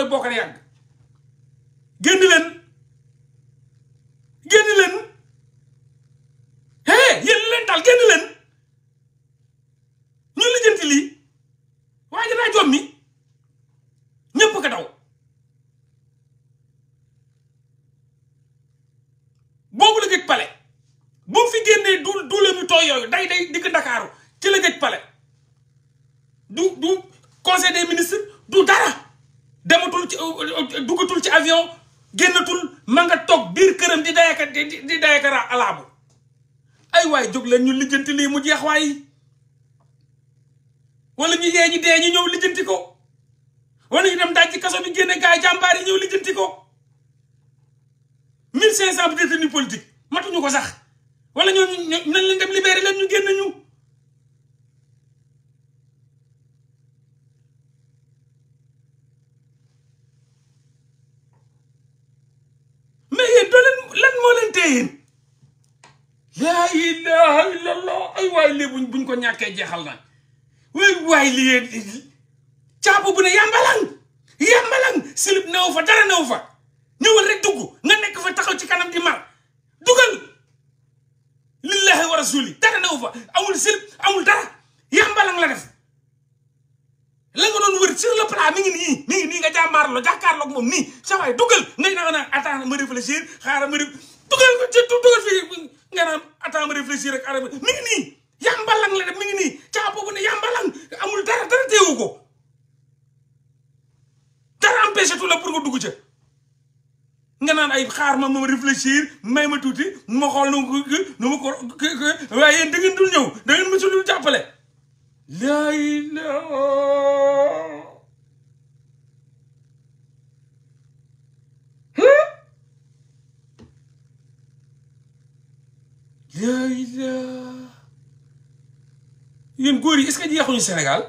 mooy bokkar yàgg génn leen génn leen hee yéen leen daal génn leen ñu lijjanti lii waaye dinaa jom mi ñëpp ko daw boobu la gëj pale bu mu fi génnee du duule mu tooy yooyu day day dikk Ndakaaru ci la gëj pale du du conseil des ministres duggatul ci avion génnatul ma nga toog biir këram di dayaka di dayaka alaabu ay waay jóg leen ñu lijjanti lii mu jeex waay wala ñu yee ñi dee ñu ñëw lijjanti ko wala ñu dem daaj ci kaso bi génne gaay jàmbaar yi ñëw lijjanti ko mille cinq cent détenus politiques matuñu ko sax wala ñooñu nañ leen dem libéré leen ñu génn ñu yéen laa ilaha illallah ay waay lii buñ buñ ko ñàkkee jeexal na waay waay li yéen caabu bu ne yàmbalang yàmbalang silib new fa dara new fa ñëwal rek dugg nga nekk fa taxaw ci kanam di mar dugal lillahi wa rasuli dara new fa amul silib amul dara yàmbalang la def la nga doon wër sur le plat mi ngi nii nii nii nga jàmmaarloo jàkkaarloo ak moom nii sa waay dugal ngay naka naan attends ma réfléchir xaaral ma réfléchir dugal ko ca dool fii nga naan attendre réfléchir ak arab mi ngi nii yàmbalang la def mi ngi nii caa boobu ne amul dara dara teewu ko dara empêché tu la pour nga dugg ca nga naan ay xaar ma ma réfléchir may ma tuuti ma xool nu ma ko nu ma ko waaye yéen dul ñëw da ngeen mësul jàppale. laa ilaaha yéen góor yi est-ce que jeexuñu Sénégal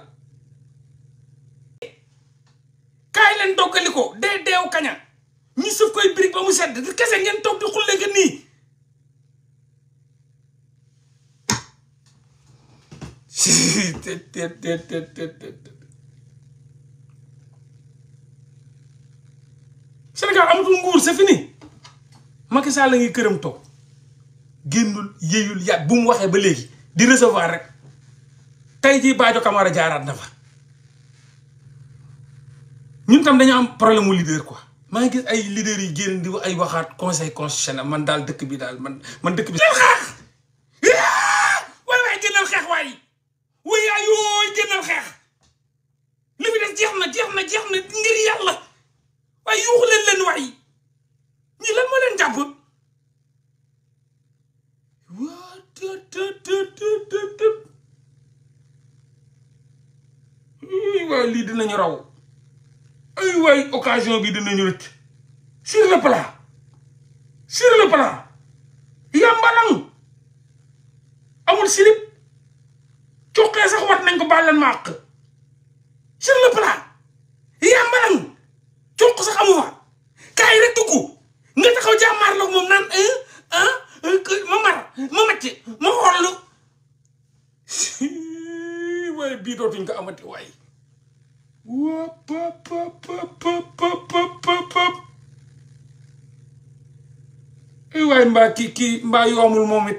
kaay leen doggali ko dee deew kaña ñu suuf koy birig ba mu sedd kese ngeen toog di xulle nga nii Sénégal amatul nguur c'est fini Macky Sall la ngi këram toog génnul yéeyul yàgg bu mu waxee ba léegi di recevoir rek tey jii war a jaaraat na fa ñun tam dañu am problème mu leader ko maa ngi gis ay leaders yi génn di ay waxaat conseil constitutionnel man daal dëkk bi daal man man dëkk bi. waaye lii dinañu raw ay waay occasion bi dinañu rëcc sur le plan sur le plan yàmbalang amul silip coqee sax wat nañ ko bàlleen ma àq sur le plan yàmbalang coq sax amu fa kaay rek nga taxaw jàmmaarloog moom naan ma mar ma macc ma xollu waaye bii dootuñ ko amati waay Whoop, whoop, whoop, whoop, whoop, whoop, mbaa kii kii mbaa yoomul moom it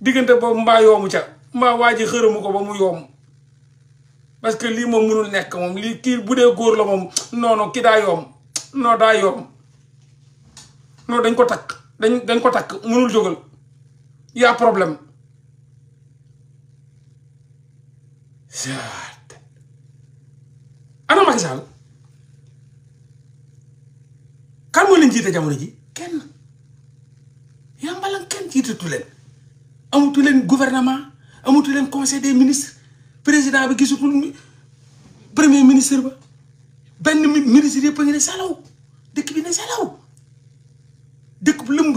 diggante boobu mbaa yoomu ca mbaa waa ji xërëmu ko ba mu yoom parce que lii moom mënul nekk moom lii kii bu dee góor la moom non non kii daa yoom non daa yoom non dañ ko takk dañ dañ ko takk mënul jógal y'a problème. ana Macky Sall kan moo leen jiite jamono ji kenn yàmbalan kenn jiitatu leen amatu leen gouvernement amatu leen conseil des ministres président bi gisutul premier ministre ba benn ministre yëpp a ngi ne salaw dëkk bi ne salaw dëkk bu lëmb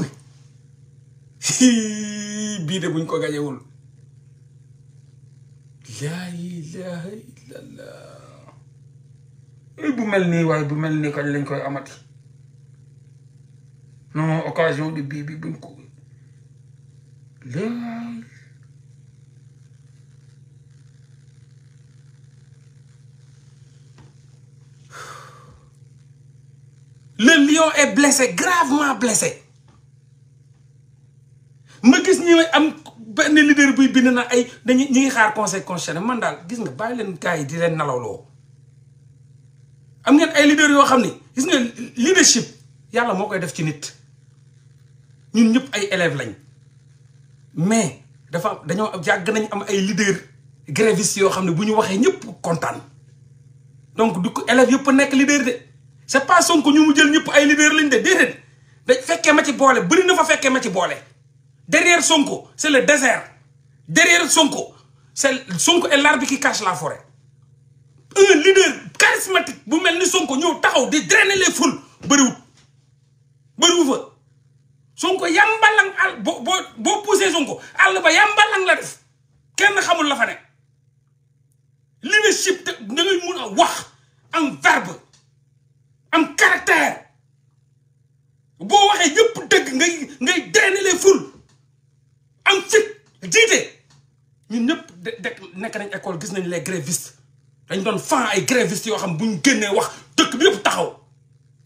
bii de buñ ko gañewul laa ilaha illallah Eh, bu mel nii waaye bu mel nii kañ lañ koy amati non occasion de bii bi buñ ko léegi le lion est blessé gravement blessé ma gis ñu am benn leader buy bind na ay dañuy ñu ngi xaar conseil constitutionnel man daal gis nga bàyyi leen gars yi di leen nalawloo am ngeen ay leaders yoo xam ne gis ngeen leadership yàlla moo koy def ci nit ñun ñëpp ay élèves lañ mais dafa dañoo yàgg nañ am ay leaders grévistes yoo xam ne bu ñu waxee ñëpp kontaan donc du ko élèves yëpp nekk leader de c'est pas sonk ñu mu jël ñëpp ay leaders lañ de déedéet da fekkee ma ci boole bëri na fa fekkee ma ci boole derrière Sonko c'est le désert derrière Sonko c'est Sonko est l'arbre qui cache la fore un leader charismatique bu mel ni Sonko ñëw taxaw di drainer les foules bëriwul bëriwu fa Sonko yàmbalang àll boo boo boo poussé Sonko àll ba yàmbalang la def kenn xamul la fa ne leadership da ngay mun a wax am verbe am caractère boo waxee yëpp dëgg ngay ngay drainer les foules am fit jiite ñun ñëpp de de nekk nañ école gis nañ les grévistes dañ doon fan ay grévistes yoo xam bu ñu génnee wax dëkk bi yëpp taxaw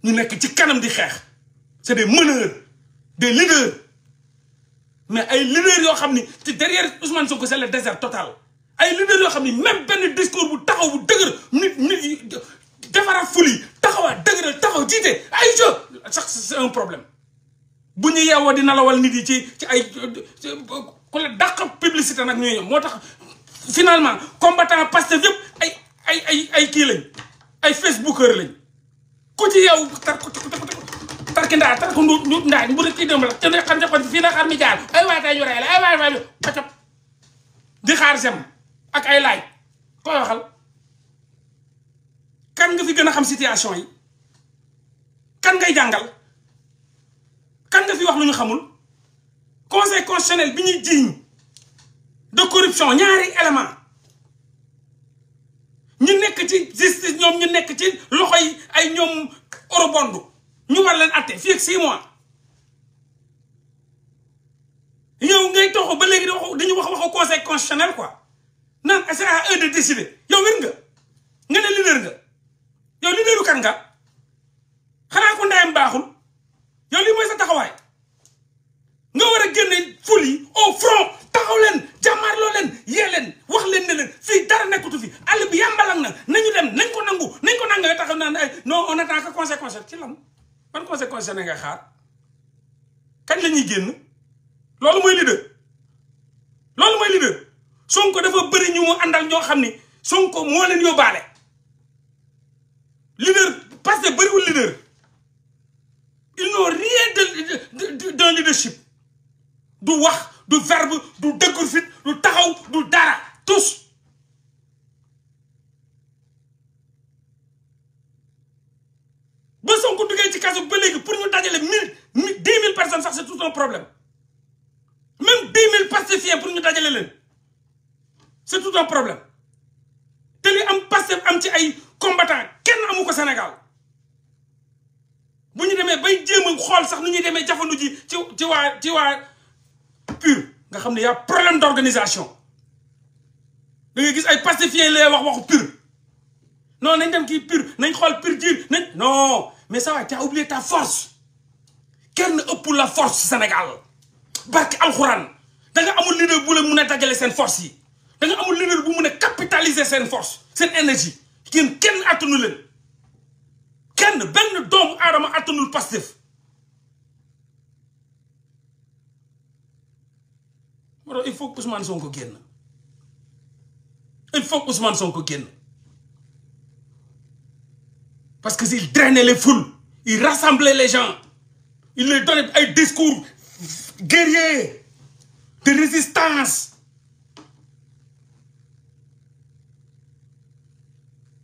ñu nekk ci kanam di xeex c'est des meneurs des leaders mais ay leaders yoo xam ni ci derrière Ousmane Sonko c'est le total ay leaders yoo xam ni même benn discours bu taxaw bu dëgër nit nit yi defaraat ful yi taxawaat dëgëral taxaw jiite ay jo sax c'est un problème bu ñu yeewoo dina lawal nit yi ci ci ay ku la dàq publicité nag ñuy moo tax finalement combattant Pastef yëpp ay ay ay ay kii lañ ay facebooker lañ ku ci yow tar ko tarki ndaa tar ko nduut ndaa bu rek kii démb la te ne xam ne fii na xar mi jaar ay waay tay ñu rey la ay waay waay pacop di xaar sem ak ay laaj koy kan nga fi gën a xam situation yi kan ngay jàngal kan nga fi wax lu ñu xamul conseil constitutionnel bi ñuy jiiñ de corruption ñaari élément ñu nekk ci justice ñoom ñu nekk ci loxo yi ay ñoom orobondu ñu war leen atte fii ak six mois yow ngay toxu ba léegi dañu wax waxu conseil constitutionnel quoi naan c'est à eux de décider yow wér nga nga ne leader nga yow leaderu kan nga xanaa ko baaxul yow lii mooy sa taxawaay foule yi au front taxaw leen jàmmaarloo leen yee leen wax leen ne leen fii dara nekkatu fi àll bi yàmbalang na nañu dem nañ ko nangu nañ ko nangu taxaw naan ay non on attend que conséquence ci lan nga xaar kañ la ñuy génn loolu mooy leader loolu mooy leader Sonko dafa bëri ñu mu àndal ñoo xam ni Sonko moo leen yóbbaale leader parce que bëriwul leader ils n'ont de d'un du wax du verbe du dëggul fit du taxaw du dara tous ba ko duggee ci kaso ba léegi pour ñu dajale mille dix mille personnes sax c'est tout un problème même dix mille pacifiens pour ñu dajale leen c'est tout un problème te li am Pastef am ci ay combattants kenn amu ko Sénégal bu ñu demee bay jéem a xool sax nu ñuy demee jafandu ji ci ci ci waa pur nga xam ne y'a problème d'organisation da ngay gis ay pacifier lay wax waxu pur non nañ dem kii pur nañ xool pur jir nañ non mais ça va t'as oublié ta force kenn ëpp la force Sénégal barke alxuraan da nga amul leader bu la mun a dajale seen force yi da nga amul leader bu mun a capitaliser seen force seen énergie kenn kenn attanu leen ne benn doomu aadama attanul Pastef moo il faut que Ousmane Sonko génn il faut que Ousmane Sonko génn parce que s'il drainait les foules il rassemblait les gens il leur donnait ay discours guerriers de résistance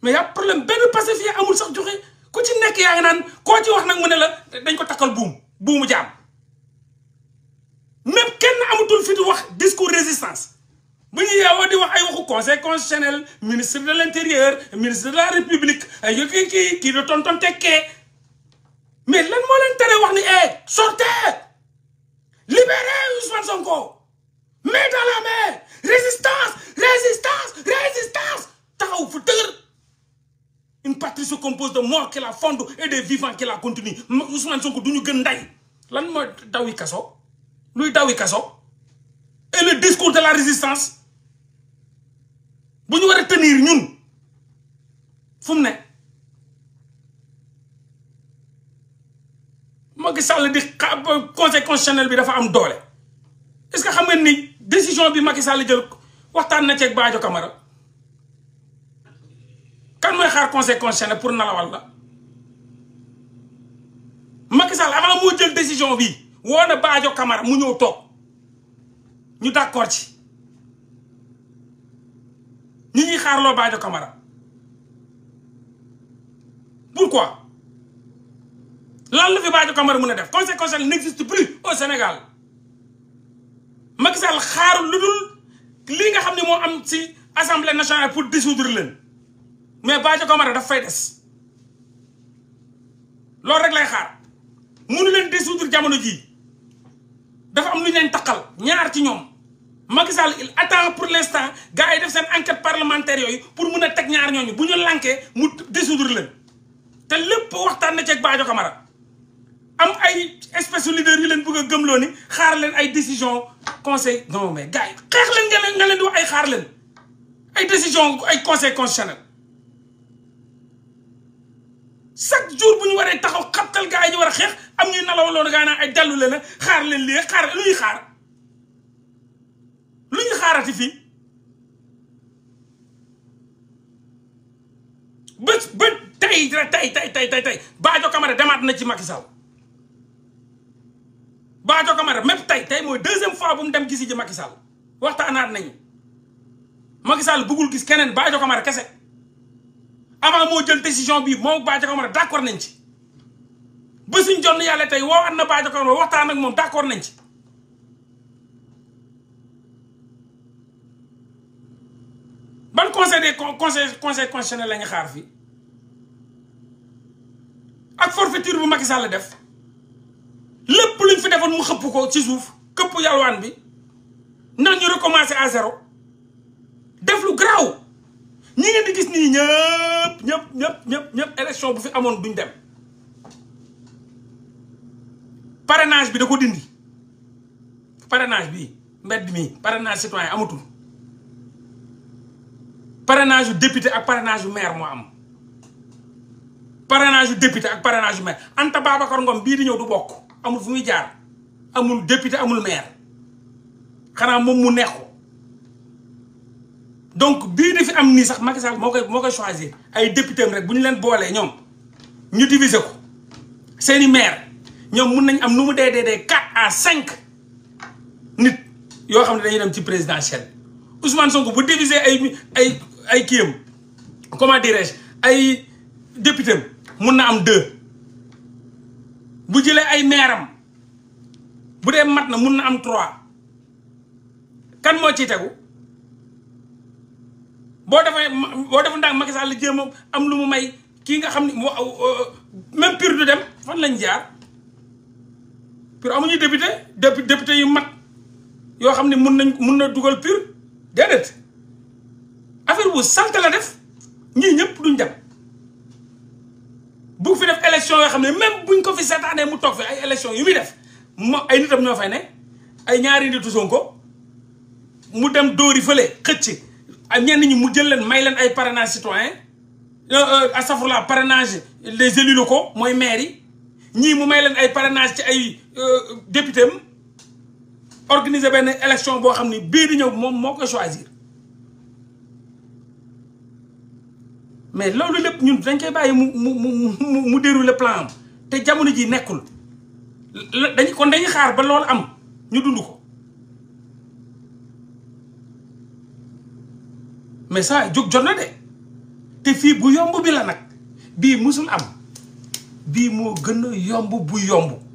mais y' a problème benn passé fii amul sax joxe ku ci nekk yaa ngi naan koo ci wax nag mu ne la dañ ko takkal buum buumu jaam. amatul fi wax discours résistance bu ñu yeewoo di wax ay wax conséquence constitutionnel ministre de l' ministre de la république ay kii kii kii di tonton tekkee mais lan moo leen wax ni eh sortez libérez Ousmane Sonko mais dans la mer résistance résistance résistance taxaw fu dëgër une patrie se compose de morts qui la fondent et des vivants qui la continuent Ousmane Sonko du ñu gën nday lan mooy dawi kaso luy dawi kaso. et le discours de la résistance bu ñu war a tenir ñun fu mu ne Macky Sall di conseil constitutionnel bi dafa am doole est-ce que xam nga ni décision bi Macky Sall jël waxtaan na ceeg Badio Camara kan mooy xaar conseil constitutionnel pour nalawal la Macky Sall avant moo jël décision bi woo na Badio Camara mu ñëw toog ñu d'accord ci ñi ñuy xaar xaarloo Badio Camara pourquoi lan la fi Badio Camara mën a def conseil conseil n'existe plus au Sénégal Macky Sall xaarul lu dul lii nga xam ne moo am ci assemblée nationale pour dissoudre leen mais Badio Camara daf fay des loolu rek lay xaar mënu leen dissoudre jamono jii dafa am lu ñu leen taqal ñaar ci ñoom. Macky Sall il attend pour l' instant gars yi def seen enquête parlementaire yooyu pour mun a teg ñaar ñooñu bu ñu lànkee mu dissoudre leen te lépp waxtaan na ceeg Badio Camara am ay espèce de leader yu leen bëgg a gëmloo ni xaar leen ay décision conseil non mais gars yi xeex leen nga leen nga ay xaar leen ay décision ay conseil constitutionnel chaque jour bu ñu waree taxaw xabtal gars yi ñu war a xeex am ñuy nalawaloon gars yi naan ay dellu leen xaar leen lii xaar luy lu ñu xaarati fii ba ba tey tey tey tey tey baajo Camara demaat na ci Macky Sall Badio Camara même tey tey mooy deuxième fois bu mu dem gisi ji Macky Sall waxtaanaat nañu Macky Sall bëggul gis keneen Badio Camara kese avant moo jël décision bii moom Badio Camara d' accord nañ ci ba suñ jonn yàlla tey woowaat na Badio Camara waxtaan ak moom d' accord nañ ci. conseil des conseil conseil constitutionnel la ñu xaar fii ak forfaiture bu Macky Sall def lépp luñ fi defoon mu xëpp ko ci suuf këpp yalwaan bi ndax ñu recommencer à zéro def lu garaaw ñi ngeen di gis nii ñëpp ñëpp ñëpp ñëpp ñëpp élection bu fi amoon duñ dem parenage bi da ko dindi parrainage bi mbedd mi parrainage citoyen amatul. parenage yu député ak parenage yu maire moo am parrainage yu député ak parrainage yu maire Anta Babacar Ngom bii di ñëw bokk amul fu muy jaar amul député amul maire xanaa moom mu neex donc bii di fi am nii sax Macky moo koy moo koy choisir ay député rek bu ñu leen boolee ñoom ñu diviser ko seeni maire ñoom mun nañ am nu mu dee dee dee quatre à cinq nit yoo xam ne dañuy dem ci présidentielle Ousmane Sonko bu diviser ay ay ay kiyam comment dirais-je ay député mun na am deux bu jëlee ay meeram bu dee mat na mun na am trois kan moo ciy tegu boo defee boo defu ndax Macky Sall jéem am lu mu may kii nga xam ne euh, même pur du dem fan lañ jaar pur amuñu député député yu mat yoo xam ne mun nañ mun na dugal pur déedéet affaire bu salte la def ñii ñëpp duñ dem bu fi def élection yoo xam ne même buñ ko fi seetaanee mu toog fi ay élection yu muy def mo ay nitam ñoo fay ne ay ñaari nitu ko mu dem dóori fële xëcc ak ñenn ñi mu jël leen may leen ay parrainage citoyen euh, euh, astafurlah parrainage des élus locaux mooy maire yi ñii mu may leen ay parrainage ci ay euh, député am organiser benn élection boo xam ni bii di ñëw moom moo koy choisir mais loolu lépp ñun dañ koy bàyyi mu mu mu mu déroulé plan am te jamono ji nekkul dañ kon dañuy xaar ba loolu am ñu dund ko mais ça jóg jot na de te fii bu yomb bi la nag bii musul am bii moo gën a yomb bu yomb